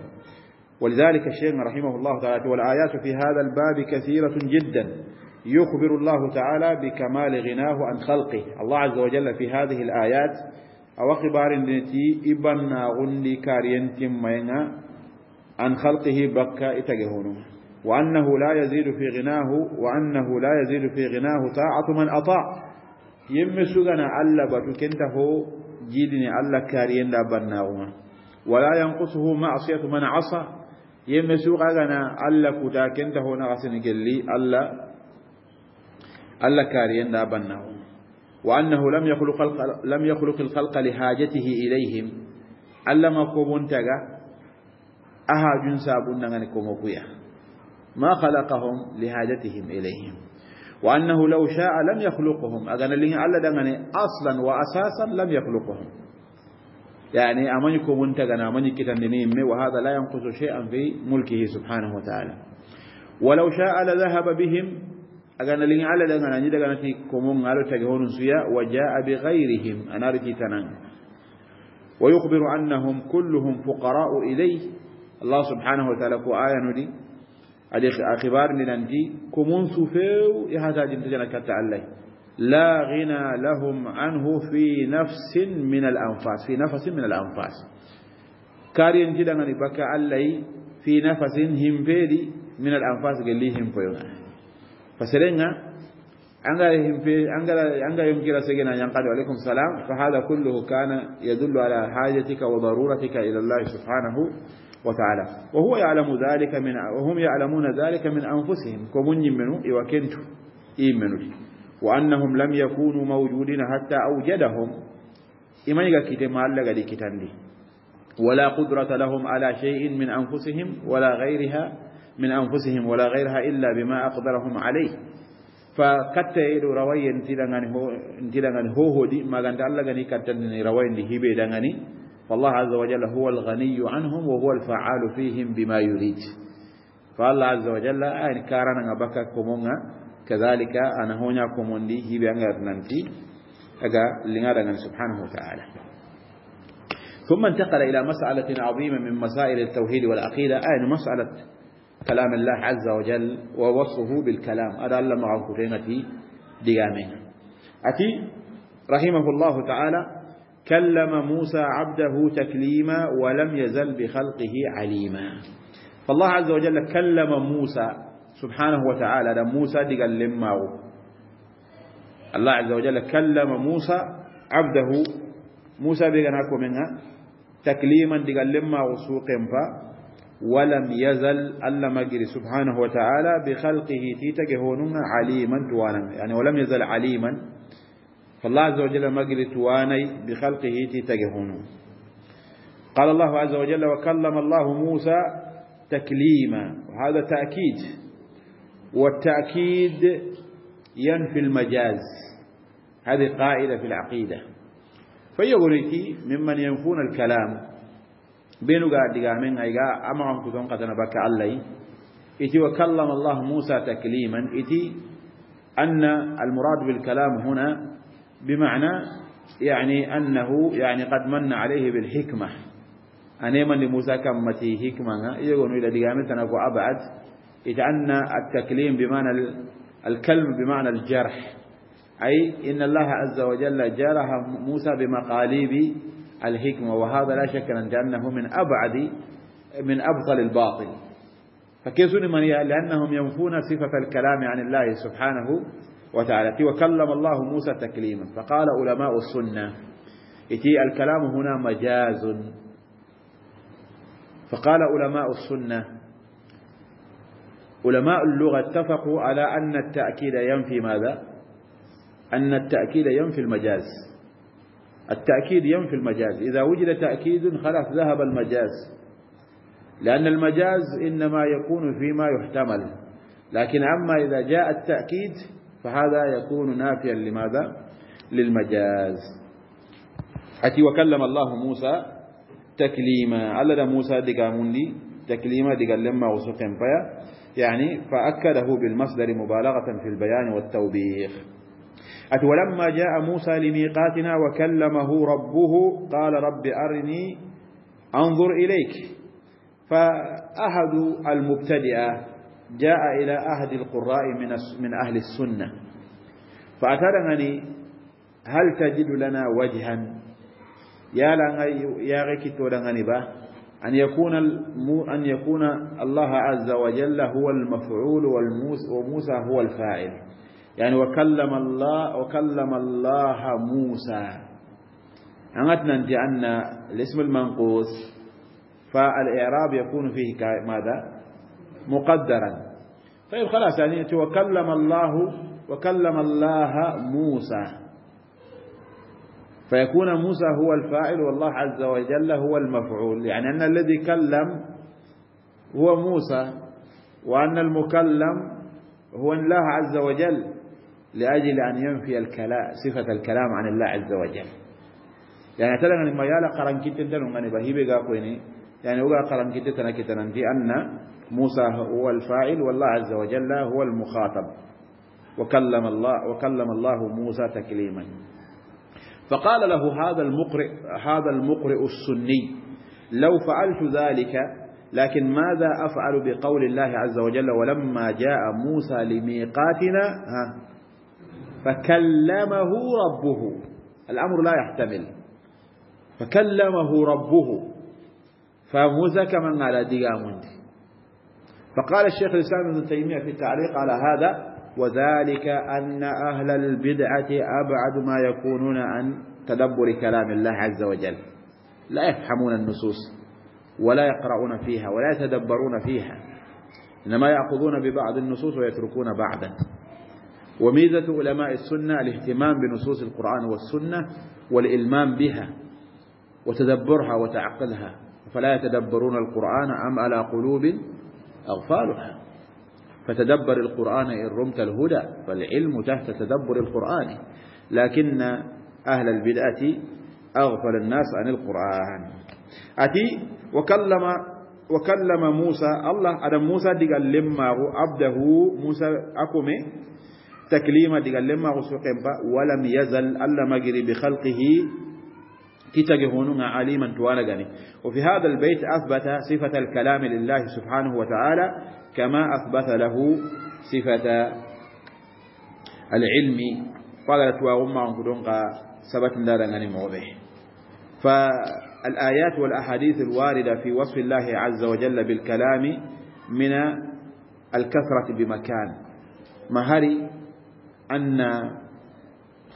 Speaker 1: ولذلك الشيخ رحمه الله تعالى والآيات في هذا الباب كثيرة جدا يخبر الله تعالى بكمال غناه عن خلقه الله عز وجل في هذه الآيات awa xibarindini ti i bannaxundi kariyentin mayenga an halqihi bakka i tage honu wa annahu la yazidu fi ginahu wa annahu la yazidu fi ginahu taatu man ata yemme sugana allah batu kenta ho jiidini allah kariyenda bannaxuma wala yanqusuhu maciyatu man asa yemme suqagana allah kuta kenta ho naxasini gelli allah allah kariyenda bannaxuma وأنه لم يخلق الخلق لم يخلق الخلق لحاجته إليهم علم قومون تجا أها جنسا بنغنكم وكويا ما خلقهم لحاجتهم إليهم وأنه لو شاء لم يخلقهم أغنى لهم ألا دغني أصلا وأساسا لم يخلقهم يعني أمنكم منتغنا أمنك تنينيم وهذا لا ينقص شيئا في ملكه سبحانه وتعالى ولو شاء لذهب بهم أجانا لين على ده أنا نجد أجانا في كمون على تجهون سيا وجاء بغيرهم أنا رتي تنان ويخبر أنهم كلهم فقراء إليه الله سبحانه وتعالى كو ندي عليه أخبار ننتي كمون سفيو يهذا جنتنا كتا الله لا غنى لهم عنه في نفس من الأنفاس في نفس من الأنفاس كارين جدا أنا يبكى على في نفس هم من الأنفاس قال لي فيونا عند أنجا يمكن سجنا ينقل عليكم السلام فهذا كله كان يدل على حاجتك وضرورتك إلى الله سبحانه وتعالى وهو يعلم ذلك من وهم يعلمون ذلك من أنفسهم كمن منه وكنتوا إيمنوا وأنهم لم يكونوا موجودين حتى أوجدهم إما يقكت معلقة لكتان ولا قدرة لهم على شيء من أنفسهم ولا غيرها من أنفسهم ولا غيرها إلا بما أقدرهم عليه فكتا روي رواية انتلغن هو هو دي ما قانت الله غني كتا رواية دي هبه دغني فالله عز وجل هو الغني عنهم وهو الفعال فيهم بما يريد فالله عز وجل أين كارنا بكا كمونا كذلك أنا هنا كمون دي هبه ننتي أغا لنغرنا سبحانه وتعالى ثم انتقل إلى مسألة عظيمة من مسائل التوحيد والعقيدة أين مسألة كلام الله عز وجل ووصفه بالكلام هذا لما عقدنتي ديامين أتي رحمه الله تعالى كلم موسى عبده تكليما ولم يزل بخلقه عليما فالله عز وجل كلم موسى سبحانه وتعالى ده موسى دي لماو الله عز وجل كلم موسى عبده موسى بيغناكو منها تكليما دي لماو سوقم ولم يزل ألا مجري سبحانه وتعالى بخلقه تيتجهون عليما توانا يعني ولم يزل عليما فالله عز وجل مجري تواني بخلقه تيتجهون قال الله عز وجل وكلم الله موسى تكليما وهذا تأكيد والتأكيد ينفي المجاز هذه قاعدة في العقيدة فيقول ممن ينفون الكلام بينو بينوغا ديغامين ايغا امرهم كتون قتنا بك علي اتي وكلم الله موسى تكليما اتي ان المراد بالكلام هنا بمعنى يعني انه يعني قد من عليه بالحكمه من لموسى كمتي حكمه يقول الى ديغامين تنكو ابعد اذ ان التكليم بمعنى الكلم بمعنى الجرح اي ان الله عز وجل جرح موسى بمقاليب الحكمة وهذا لا شك أنه من أبعد من أبطل الباطل فكيف من لأنهم ينفون صفة الكلام عن الله سبحانه وتعالى وكلم الله موسى تكليما فقال علماء السنة إتي الكلام هنا مجاز فقال علماء السنة علماء اللغة اتفقوا على أن التأكيد ينفي ماذا أن التأكيد ينفي المجاز التأكيد ينفي المجاز إذا وجد تأكيد خلاص ذهب المجاز لأن المجاز إنما يكون فيما يحتمل لكن أما إذا جاء التأكيد فهذا يكون نافيا لماذا للمجاز حتي وكلم الله موسى تكليما على موسى دقامون لي تكليما دقال لما فيا يعني فأكده بالمصدر مبالغة في البيان والتوبيخ أتي ولما جاء موسى لميقاتنا وكلمه ربه قال رب أرني أنظر إليك فأحد المبتدئة جاء إلى أحد القراء من من أهل السنة فأترغني هل تجد لنا وجها يا يا غيكت ولغني به أن يكون أن يكون الله عز وجل هو المفعول وموسى هو الفاعل يعني وكلم الله وكلم الله موسى أنتنا أن الاسم المنقوص فالإعراب يكون فيه ماذا مقدرا طيب خلاص يعني وكلم الله وكلم الله موسى فيكون موسى هو الفاعل والله عز وجل هو المفعول يعني أن الذي كلم هو موسى وأن المكلم هو الله عز وجل لأجل أن ينفي الكلام صفة الكلام عن الله عز وجل يعني تلقى لما يالا قرن كنت تنغني بهيبي قاكويني يعني وقع قرن كنت تنكتننتي أن موسى هو الفاعل والله عز وجل هو المخاطب وكلم الله وكلم الله موسى تكليما فقال له هذا المقرئ هذا المقرئ السني لو فعلت ذلك لكن ماذا أفعل بقول الله عز وجل ولما جاء موسى لميقاتنا ها فكلمه ربه الأمر لا يحتمل فكلمه ربه فمزك من على ديامون فقال الشيخ الإسلام ابن تيمية في التعليق على هذا وذلك أن أهل البدعة أبعد ما يكونون عن تدبر كلام الله عز وجل لا يفهمون النصوص ولا يقرؤون فيها ولا يتدبرون فيها إنما يأخذون ببعض النصوص ويتركون بعضا وميزة علماء السنة الاهتمام بنصوص القرآن والسنة والإلمام بها وتدبرها وتعقلها فلا يتدبرون القرآن أم على قلوب أغفالها فتدبر القرآن إن رمت الهدى فالعلم تحت تدبر القرآن لكن أهل البدعة أغفل الناس عن القرآن أتي وكلم وكلم موسى الله أدم موسى دي قال لما عبده موسى أكمي تكليما قال لما غسوقين با ولم يزل ألا مجري بخلقه كتجهون عليما غني وفي هذا البيت أثبت صفة الكلام لله سبحانه وتعالى كما أثبت له صفة العلم فقالت وغم سبت ثبت غني موضح فالآيات والأحاديث الواردة في وصف الله عز وجل بالكلام من الكثرة بمكان ما أن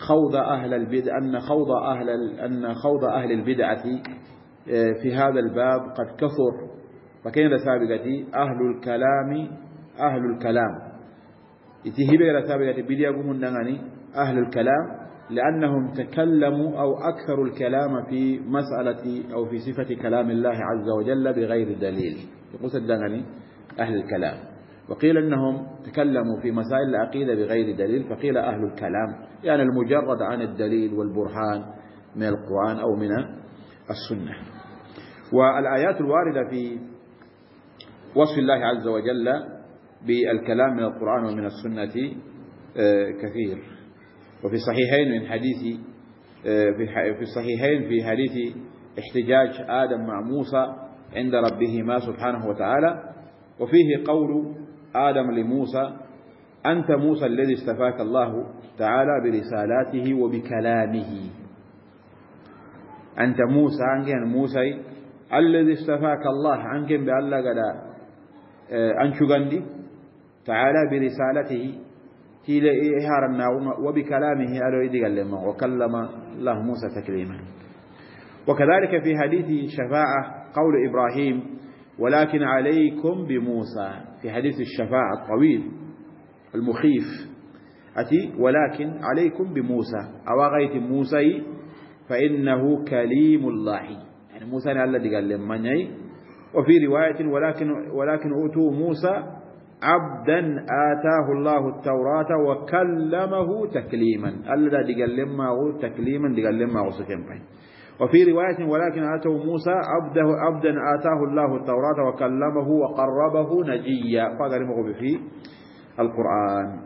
Speaker 1: خوض أهل البدع أن خوض أهل أن خوض أهل البدعة آه، في هذا الباب قد كثر فكين سابقة أهل الكلام أهل الكلام إلى سابقتي بدي أقوم أهل الكلام لأنهم تكلموا أو أكثروا الكلام في مسألة أو في صفة كلام الله عز وجل بغير دليل يقول الدغني أهل الكلام وقيل أنهم تكلموا في مسائل العقيدة بغير دليل فقيل أهل الكلام يعني المجرد عن الدليل والبرهان من القرآن أو من السنة والآيات الواردة في وصف الله عز وجل بالكلام من القرآن ومن السنة آه، كثير وفي صحيحين من حديث آه، في الصحيحين في حديث احتجاج آدم مع موسى عند ربهما سبحانه وتعالى وفيه قول آدم لموسى أنت موسى الذي استفاك الله تعالى برسالاته وبكلامه أنت موسى عنك موسى الذي استفاك الله عنك بألا قد آه، قندي تعالى برسالته تيلا إهارنا وبكلامه ألو إذ قال وكلم الله موسى تكليما وكذلك في حديث الشفاعة قول إبراهيم ولكن عليكم بموسى في حديث الشفاعة الطويل المخيف أتي ولكن عليكم بموسى أواغيت موسى فإنه كليم الله يعني موسى الذي قال لهم من وفي رواية ولكن ولكن أوتوا موسى عبدا آتاه الله التوراة وكلمه تكليما الذي قال لما تكليما قال لما وصفين وفي رواية ولكن أتوا موسى عبده عبدا آتاه الله التوراة وكلمه وقربه نجيا فقرمه في القرآن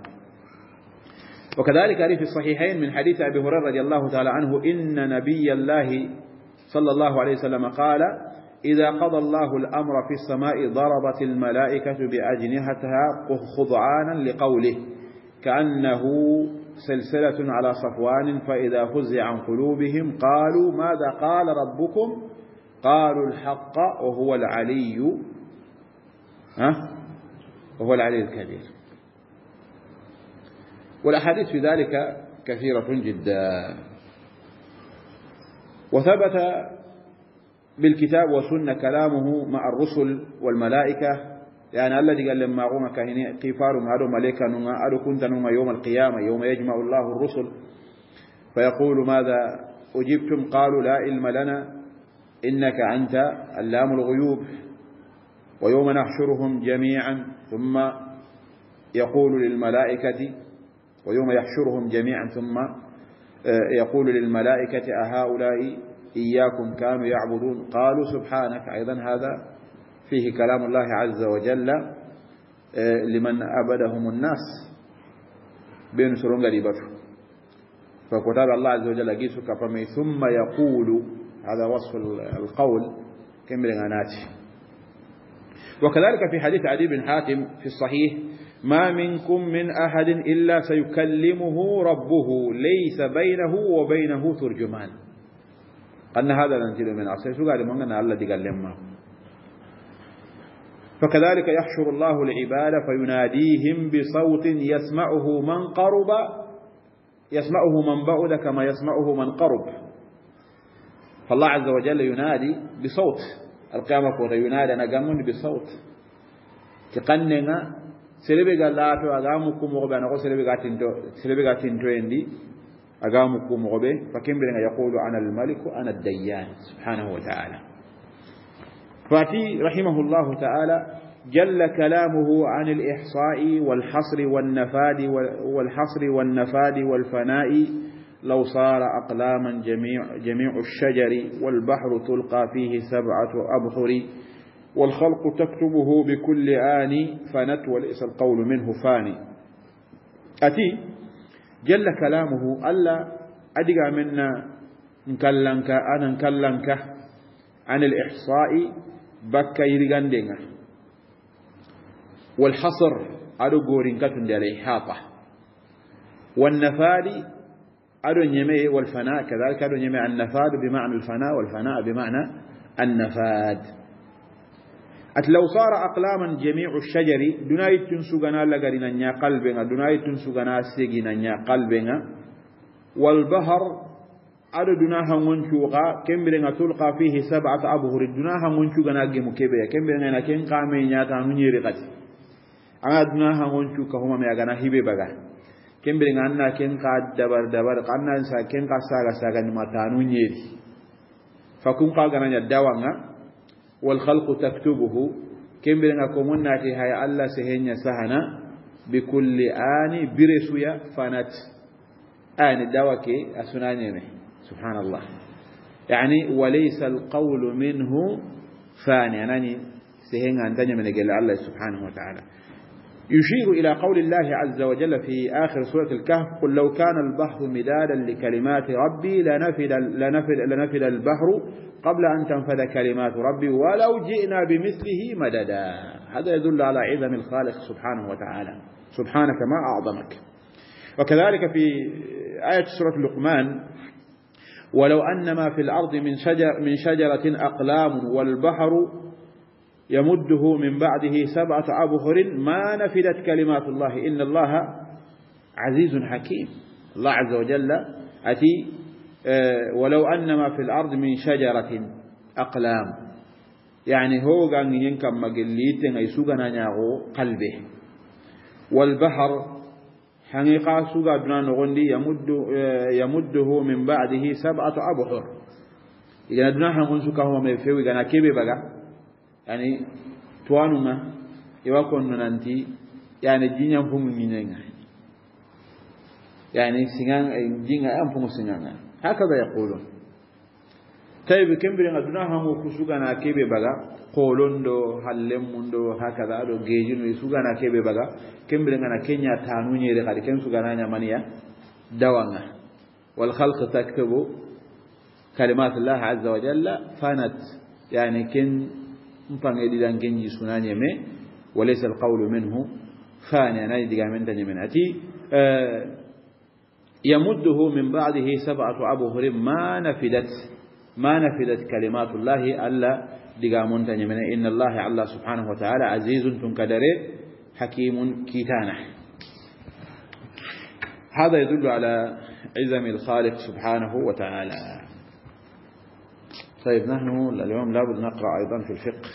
Speaker 1: وكذلك أريد في الصحيحين من حديث أبي هريرة رضي الله تعالى عنه إن نبي الله صلى الله عليه وسلم قال إذا قضى الله الأمر في السماء ضربت الملائكة بأجنحتها خضعانا لقوله كأنه سلسلة على صفوان فإذا فزع عن قلوبهم قالوا ماذا قال ربكم قالوا الحق وهو العلي ها وهو العلي الكبير والأحاديث في ذلك كثيرة جدا وثبت بالكتاب وسن كلامه مع الرسل والملائكة يعني الله قال لما قوم كهنة قفار هذا ملكا نوما أدو كنت نوما يوم القيامة يوم يجمع الله الرسل فيقول ماذا أجبتم قالوا لا علم لنا إنك أنت علام الغيوب ويوم نحشرهم جميعا ثم يقول للملائكة ويوم يحشرهم جميعا ثم آه، يقول للملائكة أهؤلاء إياكم كانوا يعبدون قالوا سبحانك أيضا هذا فيه كلام الله عز وجل آه، لمن عبدهم الناس بين سرونغا ديباتو فكتاب الله عز وجل جيسو كفمي ثم يقول هذا وصف القول كمرغاناتي وكذلك في حديث عدي بن حاتم في الصحيح ما منكم من أحد إلا سيكلمه ربه ليس بينه وبينه ترجمان أن هذا ننتظر من عصر شو قال الله تكلمه قال فكذلك يحشر الله العباد فيناديهم بصوت يسمعه من قرب يسمعه من بعد كما يسمعه من قرب فالله عز وجل ينادي بصوت القيامة كورا ينادي نقام بصوت تقننا سلبي قال لا تو أقامكم مغبي أنا سلبي تنتو عندي أقامكم مغبي فكم يقول أنا الملك أنا الديان سبحانه وتعالى فاتي رحمه الله تعالى جل كلامه عن الإحصاء والحصر والنفاد والحصر والنفاد والفناء لو صار أقلاما جميع, جميع الشجر والبحر تلقى فيه سبعة أبحر والخلق تكتبه بكل آن فنت وليس القول منه فاني أتي جل كلامه ألا أدقى منا نكلنك أنا نكلنك عن الإحصاء bakka yirgandenga walhasr aɗo gorinkatunde ala ihata wannafadi aɗo ñeme walfana kadalika aɗo ñeme annafadu bimana alfana walfana bimana annafad ati law sara aqlaman jamiu shajari dunayi tun sugana lagarina ña qalbenga dunayi tun sugana segina ña qalbenga walbahar ado duna hangoncuuxa kembirenga tulqa fihi sabata abhuri duna hangoncuugana gemu keɓeya na ken kame ñatanu ñeri xati anga duna me a agana hibe baga kembirenga anna ken ka dabar dabar anna sa ken ka saga saganima tanu ñeri fakun ka ganaña dawanga walhalqu taktubuhu kembirenga komon nati haya allah seheña sahana bikulli ani biresuya fanat ani dawa ke a sunañeme سبحان الله يعني وليس القول منه فاني يعني سهين عن دنيا من قال الله سبحانه وتعالى يشير إلى قول الله عز وجل في آخر سورة الكهف قل لو كان البحر مدادا لكلمات ربي لنفد, لنفد, لنفد البحر قبل أن تنفذ كلمات ربي ولو جئنا بمثله مددا هذا يدل على عظم الخالق سبحانه وتعالى سبحانك ما أعظمك وكذلك في آية سورة لقمان ولو أن ما في الأرض من, شجر من شجرة أقلام والبحر يمده من بعده سبعة أبهر ما نفدت كلمات الله إن الله عزيز حكيم الله عز وجل أتي آه، ولو أن ما في الأرض من شجرة أقلام يعني هو قال ينكم مقليت أي نياغو قلبه والبحر حقيقة سوغا دنا نغندي يمد يمده من بعده سبعة أبحر إذا دنا حنقول سوكا هو مفيوي غانا كيبي بغا يعني توانوما يواكون ننتي يعني جينيا يعني فمو مينينا يعني سيغان جينيا أنفمو سيغانا هكذا يقولون طيب كم بلغ دنا حنقول سوكا نا كيبي بغا kolon do hallen mun do hakaza sugana keɓe baga kembire gana keña tanuñere kadi ken sugana ñamaniya dawanga walhalka taktabu kalimat llah aza wa jalla fanat yani ken mpange ɗiɗan genji sunañeme walaysa alqawlu minhu fani anaji diga men tañemen ati يمده من بعده سبعة أبهر ما نفدت ما نفدت كلمات الله ألا دقامون تنمنا إن الله الله سبحانه وتعالى عزيز تنكدري حكيم كيتانه هذا يدل على عزم الخالق سبحانه وتعالى طيب نحن اليوم لابد نقرأ أيضا في الفقه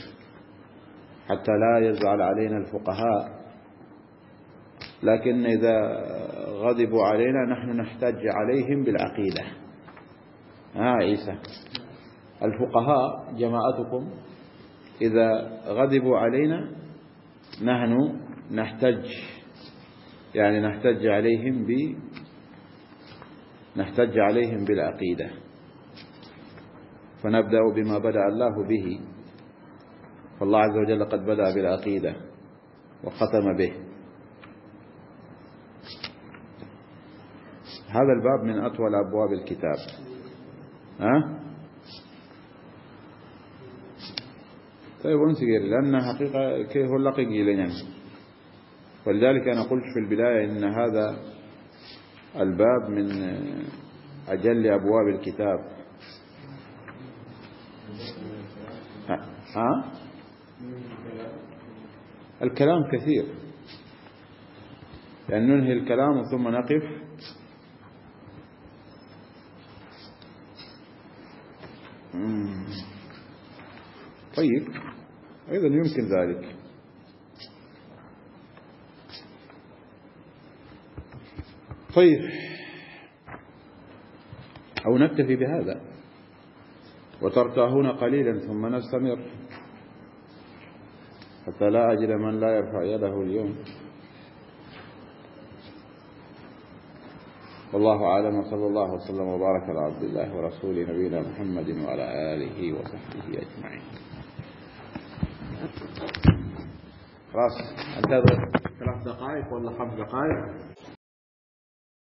Speaker 1: حتى لا يزعل علينا الفقهاء لكن إذا غضبوا علينا نحن نحتج عليهم بالعقيدة ها آه، عيسى الفقهاء جماعتكم إذا غضبوا علينا نحن نحتج يعني نحتج عليهم ب نحتج عليهم بالعقيدة فنبدأ بما بدأ الله به فالله عز وجل قد بدأ بالعقيدة وختم به هذا الباب من أطول أبواب الكتاب ها؟ طيب وانت غير لأن حقيقة كيف هو لقي يعني ولذلك أنا قلت في البداية إن هذا الباب من أجل أبواب الكتاب ها؟ الكلام كثير لأن يعني ننهي الكلام ثم نقف طيب أيضا يمكن ذلك طيب أو نكتفي بهذا وترتاحون قليلا ثم نستمر حتى لا أجد من لا يرفع يده اليوم والله أعلم وصلى الله وسلم وبارك على عبد الله ورسوله نبينا محمد وعلى آله وصحبه أجمعين خلاص انتظر ثلاث دقائق ولا خمس دقائق